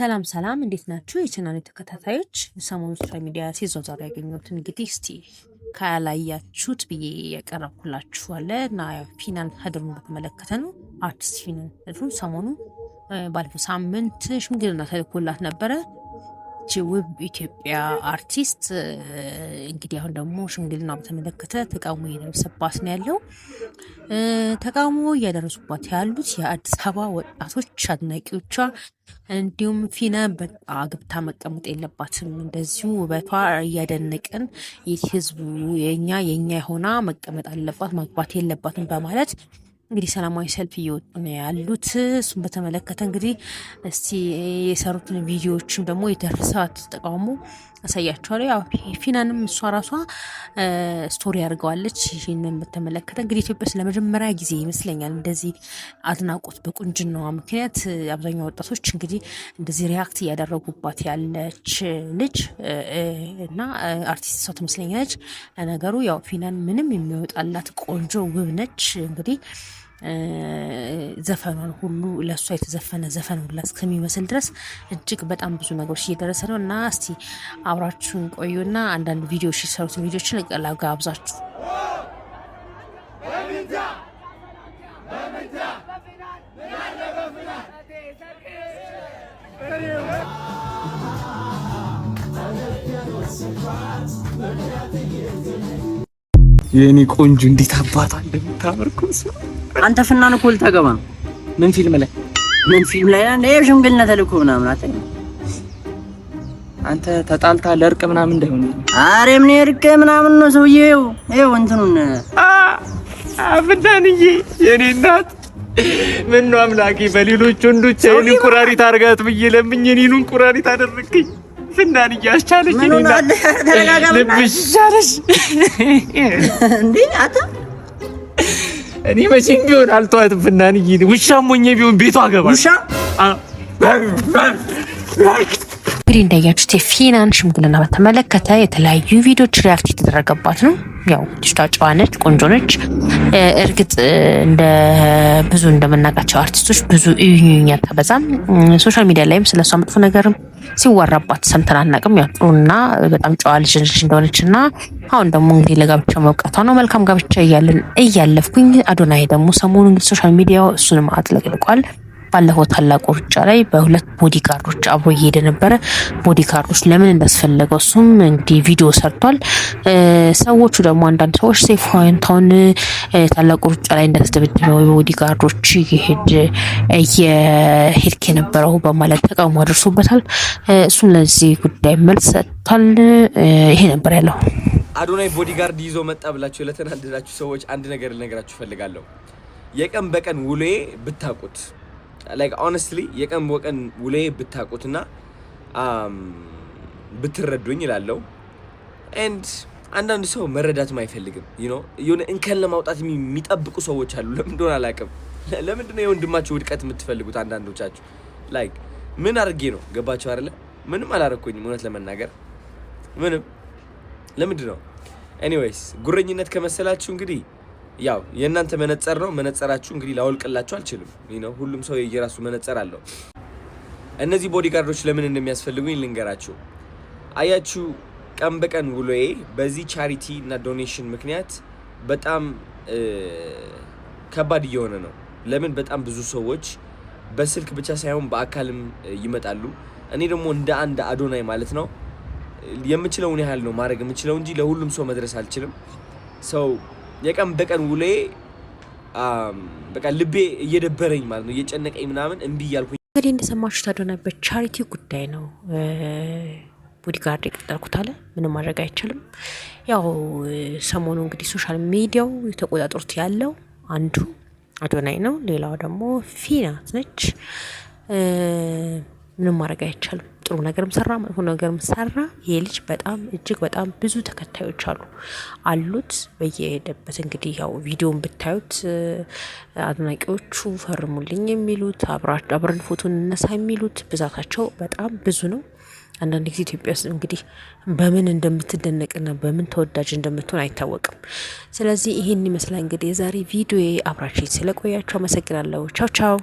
ሰላም ሰላም፣ እንዴት ናችሁ የቻናሉ ተከታታዮች? የሰሞኑ ሶሻል ሚዲያ ሲዞን ዛሬ ያገኘሁት እንግዲህ እስቲ ካላያችሁት ብዬ ያቀረብኩላችሁ አለ እና ፊናን ህድሩን በተመለከተ ነው። አርቲስት ፊናን ሀድሩን ሰሞኑ ባለፈው ሳምንት ሽምግልና ተልኮላት ነበረ። ይች ውብ ኢትዮጵያ አርቲስት እንግዲህ አሁን ደግሞ ሽምግልና በተመለከተ ተቃውሞ እየደረሰባት ነው ያለው። ተቃውሞ እያደረሱባት ያሉት የአዲስ አበባ ወጣቶች አድናቂዎቿ፣ እንዲሁም ፊና በቃ አግብታ መቀመጥ የለባትም እንደዚሁ ውበቷ እያደነቅን ህዝቡ የኛ የኛ የሆና መቀመጥ አለባት ማግባት የለባትም በማለት እንግዲህ ሰላማዊ ሰልፍ እየወጡ ነው ያሉት። እሱን በተመለከተ እንግዲህ እስቲ የሰሩትን ቪዲዮዎችም ደግሞ የደረሰባት ተቃውሞ አሳያቸዋለሁ። ያው ፊናንም እሷ ራሷ ስቶሪ አድርገዋለች። ይህንን በተመለከተ እንግዲህ ኢትዮጵያ ውስጥ ለመጀመሪያ ጊዜ ይመስለኛል እንደዚህ አድናቆት በቁንጅናዋ ምክንያት አብዛኛው ወጣቶች እንግዲህ እንደዚህ ሪያክት እያደረጉባት ያለች ልጅ እና አርቲስት ሰው ትመስለኛለች። ለነገሩ ያው ፊናን ምንም የሚወጣላት ቆንጆ ውብ ነች እንግዲህ ዘፈኑን ሁሉ ለእሷ የተዘፈነ ዘፈን ሁላ እስከሚመስል ድረስ እጅግ በጣም ብዙ ነገሮች እየደረሰ ነው እና እስቲ አብራችሁን ቆዩና አንዳንድ ቪዲዮዎች የሰሩትን ቪዲዮችን ጋብዛችሁ የእኔ ቆንጆ እንዴት አባቷ እንደምታምር ሰው አንተ ፍና ንኮል ታገባ ነው። ምን ፊልም ላይ ምን ፊልም ላይ ሽምግልና ተልኮ ምናምን አታይ አንተ ተጣልታ ለእርቅ ምናምን እንዳይሆን። አሬ ምን እርቅ ምናምን ነው ሰውዬው። ይኸው እንትኑን አፍዳንዬ የኔ እናት ምን ነው አምላኬ፣ በሌሎች ወንዶች አይኑን ኩራሪት አድርጋት ብዬ ለምኝ የኔኑን ኩራሪት አደረግኝ። ፍናን እያስቻለች ልብሽ ይሻለሽ እንዴ አታ እኔ መቼም ቢሆን አልተዋት አልተዋትም። ፍናንዬ ውሻ ሆኜ ቢሆን ቤቷ አገባል። ውሻ እንግዲህ እንዳያችሁት የፊናን ሽምግልና በተመለከተ የተለያዩ ቪዲዮዎች ሪያክት የተደረገባት ነው። ያው ልጅቷ ጨዋ ነች፣ ቆንጆ ነች። እርግጥ እንደ ብዙ እንደምናውቃቸው አርቲስቶች ብዙ እዩኝ አታበዛም። ሶሻል ሚዲያ ላይም ስለሷ መጥፎ ነገርም ሲወራባት ሰምተን አናውቅም። ያው ጥሩና በጣም ጨዋ ልጅ እንደሆነች እና አሁን ደግሞ እንግዲህ ለጋብቻ መብቃቷ ነው። መልካም ጋብቻ እያለን እያለፍኩኝ አዶናይ ደግሞ ሰሞኑ እንግዲህ ሶሻል ሚዲያ እሱንም አጥለቅልቋል። ባለፈው ታላቁ ሩጫ ላይ በሁለት ቦዲ አብሮ እየሄደ ነበረ። ቦዲ ጋርዶች ለምን እንዳስፈለገው እሱም እንግዲህ ቪዲዮ ሰርቷል። ሰዎቹ ደግሞ አንዳንድ ሰዎች ሴፍ ሆንታውን ታላቁ ሩጫ ላይ እንዳስደበደበው በቦዲ ጋርዶች የሄድ የሄድክ የነበረው በማለት ተቃውሞ አድርሶበታል። እሱም ለዚህ ጉዳይ መልስ ሰጥቷል። ይሄ ነበር ያለው። አዶናይ ቦዲጋርድ ይዞ መጣ ብላችሁ ለተናደዳችሁ ሰዎች አንድ ነገር ልነግራችሁ እፈልጋለሁ። የቀን በቀን ውሎዬ ብታውቁት ላይክ ኦነስትሊ የቀን በቀን ውሌ ብታቁትና um, ብትረዱኝ ይላለው። ኤንድ አንዳንድ ሰው መረዳትም አይፈልግም። የሆነ እንከን ለማውጣት የሚጠብቁ ሰዎች አሉ። ለምን እንደሆነ አላውቅም። ለምንድን ነው የወንድማችሁ ውድቀት የምትፈልጉት? አንዳንዶቻችሁ ላይክ ምን አድርጌ ነው ገባችሁ አይደለ? ምንም አላረኩኝም። እውነት ለመናገር ምንም። ለምንድን ነው ኤኒዌይስ፣ ጉረኝነት ከመሰላችሁ እንግዲህ ያው የእናንተ መነጸር ነው። መነጸራችሁ እንግዲህ ላወልቅላችሁ አልችልም ነው። ሁሉም ሰው የየራሱ መነጸር አለው። እነዚህ ቦዲጋርዶች ለምን እንደሚያስፈልጉኝ ልንገራችሁ። አያችሁ ቀን በቀን ውሎዬ በዚህ ቻሪቲ እና ዶኔሽን ምክንያት በጣም ከባድ እየሆነ ነው። ለምን በጣም ብዙ ሰዎች በስልክ ብቻ ሳይሆን በአካልም ይመጣሉ። እኔ ደግሞ እንደ አንድ አዶናይ ማለት ነው የምችለውን ያህል ነው ማድረግ የምችለው እንጂ ለሁሉም ሰው መድረስ አልችልም ሰው የቀን በቀን ውሌ በቃ ልቤ እየደበረኝ ማለት ነው እየጨነቀኝ ምናምን እምቢ እያልኩኝ እንግዲህ እንደሰማችሁ ታድያ በቻሪቲ ጉዳይ ነው ቦዲጋርድ የቀጠልኩት አለ። ምንም ማድረግ አይቻልም። ያው ሰሞኑ እንግዲህ ሶሻል ሚዲያው ተቆጣጥሮት ያለው አንዱ አዶናይ ነው፣ ሌላው ደግሞ ፊናት ነች። ምንም ማድረግ አይቻልም። ጥሩ ነገርም ሰራ መጥፎ ነገርም ሰራ ይሄ ልጅ በጣም እጅግ በጣም ብዙ ተከታዮች አሉ አሉት። በየሄደበት እንግዲህ ያው ቪዲዮን ብታዩት አድናቂዎቹ ፈርሙልኝ የሚሉት አብረን ፎቶ እንነሳ የሚሉት ብዛታቸው በጣም ብዙ ነው። አንዳንድ ጊዜ ኢትዮጵያ ውስጥ እንግዲህ በምን እንደምትደነቅና በምን ተወዳጅ እንደምትሆን አይታወቅም። ስለዚህ ይህን ይመስላል እንግዲህ የዛሬ ቪዲዮ። አብራችን ስለቆያቸው አመሰግናለሁ። ቻው ቻው።